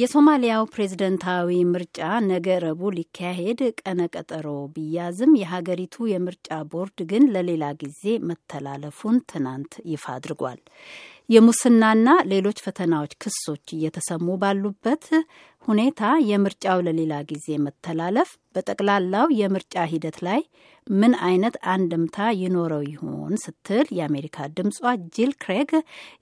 የሶማሊያው ፕሬዝደንታዊ ምርጫ ነገ ረቡዕ ሊካሄድ ቀነ ቀጠሮ ቢያዝም የሀገሪቱ የምርጫ ቦርድ ግን ለሌላ ጊዜ መተላለፉን ትናንት ይፋ አድርጓል። የሙስናና ሌሎች ፈተናዎች ክሶች እየተሰሙ ባሉበት ሁኔታ የምርጫው ለሌላ ጊዜ መተላለፍ በጠቅላላው የምርጫ ሂደት ላይ ምን አይነት አንድምታ ይኖረው ይሆን ስትል የአሜሪካ ድምጿ ጂል ክሬግ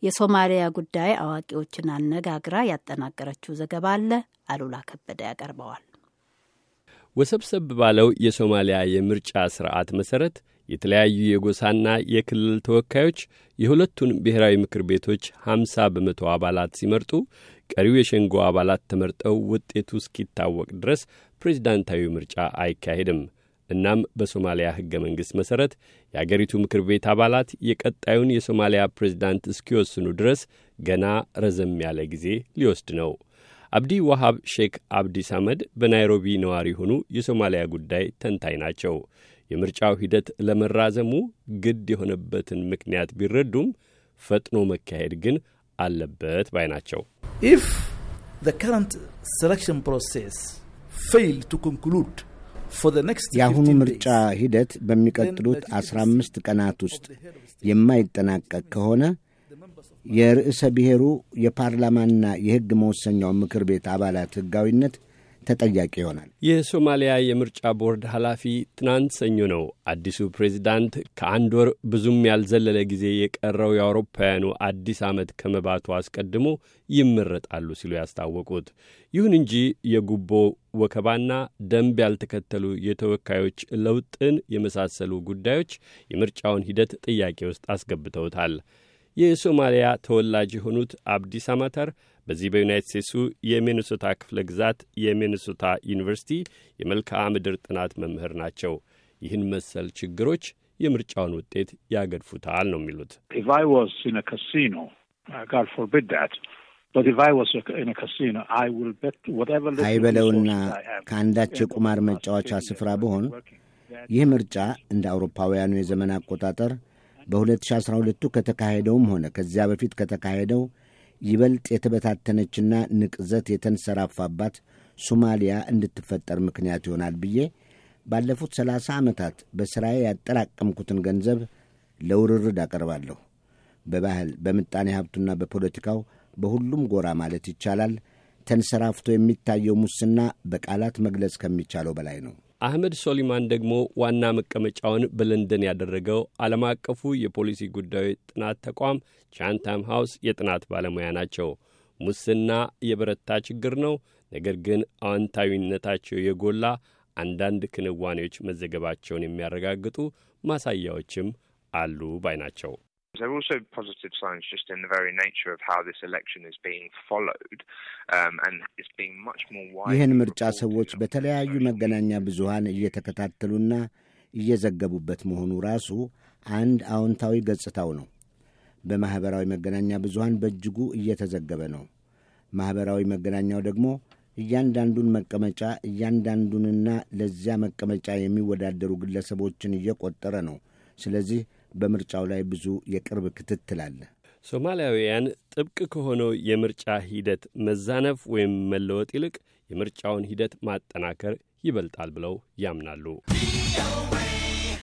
የሶማሊያ ጉዳይ አዋቂዎችን አነጋግራ ያጠናቀረችው ዘገባ አለ። አሉላ ከበደ ያቀርበዋል። ወሰብሰብ ባለው የሶማሊያ የምርጫ ስርዓት መሰረት የተለያዩ የጎሳና የክልል ተወካዮች የሁለቱን ብሔራዊ ምክር ቤቶች 50 በመቶ አባላት ሲመርጡ ቀሪው የሸንጎ አባላት ተመርጠው ውጤቱ እስኪታወቅ ድረስ ፕሬዚዳንታዊ ምርጫ አይካሄድም። እናም በሶማሊያ ሕገ መንግሥት መሠረት የአገሪቱ ምክር ቤት አባላት የቀጣዩን የሶማሊያ ፕሬዚዳንት እስኪወስኑ ድረስ ገና ረዘም ያለ ጊዜ ሊወስድ ነው። አብዲ ዋሃብ ሼክ አብዲ ሳመድ በናይሮቢ ነዋሪ የሆኑ የሶማሊያ ጉዳይ ተንታኝ ናቸው። የምርጫው ሂደት ለመራዘሙ ግድ የሆነበትን ምክንያት ቢረዱም ፈጥኖ መካሄድ ግን አለበት ባይ ናቸው። ኢፍ ከረንት ሴሌክሽን ፕሮሴስ ፌይል ቱ ኮንክሉድ የአሁኑ ምርጫ ሂደት በሚቀጥሉት አስራ አምስት ቀናት ውስጥ የማይጠናቀቅ ከሆነ የርዕሰ ብሔሩ የፓርላማና የሕግ መወሰኛው ምክር ቤት አባላት ሕጋዊነት ተጠያቂ ይሆናል። የሶማሊያ የምርጫ ቦርድ ኃላፊ ትናንት ሰኞ ነው አዲሱ ፕሬዚዳንት ከአንድ ወር ብዙም ያልዘለለ ጊዜ የቀረው የአውሮፓውያኑ አዲስ ዓመት ከመባቱ አስቀድሞ ይመረጣሉ ሲሉ ያስታወቁት። ይሁን እንጂ የጉቦ ወከባና ደንብ ያልተከተሉ የተወካዮች ለውጥን የመሳሰሉ ጉዳዮች የምርጫውን ሂደት ጥያቄ ውስጥ አስገብተውታል። የሶማሊያ ተወላጅ የሆኑት አብዲስ አማተር በዚህ በዩናይት ስቴትሱ የሚኒሶታ ክፍለ ግዛት የሚኒሶታ ዩኒቨርሲቲ የመልክዓ ምድር ጥናት መምህር ናቸው። ይህን መሰል ችግሮች የምርጫውን ውጤት ያገድፉታል ነው የሚሉት። uh, አይበለውና ከአንዳች የቁማር መጫወቻ ስፍራ ብሆን ይህ ምርጫ እንደ አውሮፓውያኑ የዘመን አቆጣጠር በ2012 ከተካሄደውም ሆነ ከዚያ በፊት ከተካሄደው ይበልጥ የተበታተነችና ንቅዘት የተንሰራፋባት ሶማሊያ እንድትፈጠር ምክንያት ይሆናል ብዬ ባለፉት 30 ዓመታት በሥራዬ ያጠራቀምኩትን ገንዘብ ለውርርድ አቀርባለሁ። በባህል በምጣኔ ሀብቱና በፖለቲካው በሁሉም ጎራ ማለት ይቻላል ተንሰራፍቶ የሚታየው ሙስና በቃላት መግለጽ ከሚቻለው በላይ ነው። አህመድ ሶሊማን ደግሞ ዋና መቀመጫውን በለንደን ያደረገው ዓለም አቀፉ የፖሊሲ ጉዳዮች ጥናት ተቋም ቻንታም ሃውስ የጥናት ባለሙያ ናቸው። ሙስና የበረታ ችግር ነው፣ ነገር ግን አዎንታዊነታቸው የጎላ አንዳንድ ክንዋኔዎች መዘገባቸውን የሚያረጋግጡ ማሳያዎችም አሉ ባይ ናቸው። There are also positive signs just in the very nature of how this election is being followed um, and it's being much more wide. ይህን ምርጫ ሰዎች በተለያዩ መገናኛ ብዙሃን እየተከታተሉና እየዘገቡበት መሆኑ ራሱ አንድ አዎንታዊ ገጽታው ነው። በማኅበራዊ መገናኛ ብዙሃን በእጅጉ እየተዘገበ ነው። ማኅበራዊ መገናኛው ደግሞ እያንዳንዱን መቀመጫ እያንዳንዱንና ለዚያ መቀመጫ የሚወዳደሩ ግለሰቦችን እየቆጠረ ነው። ስለዚህ በምርጫው ላይ ብዙ የቅርብ ክትትል አለ። ሶማሊያውያን ጥብቅ ከሆነው የምርጫ ሂደት መዛነፍ ወይም መለወጥ ይልቅ የምርጫውን ሂደት ማጠናከር ይበልጣል ብለው ያምናሉ።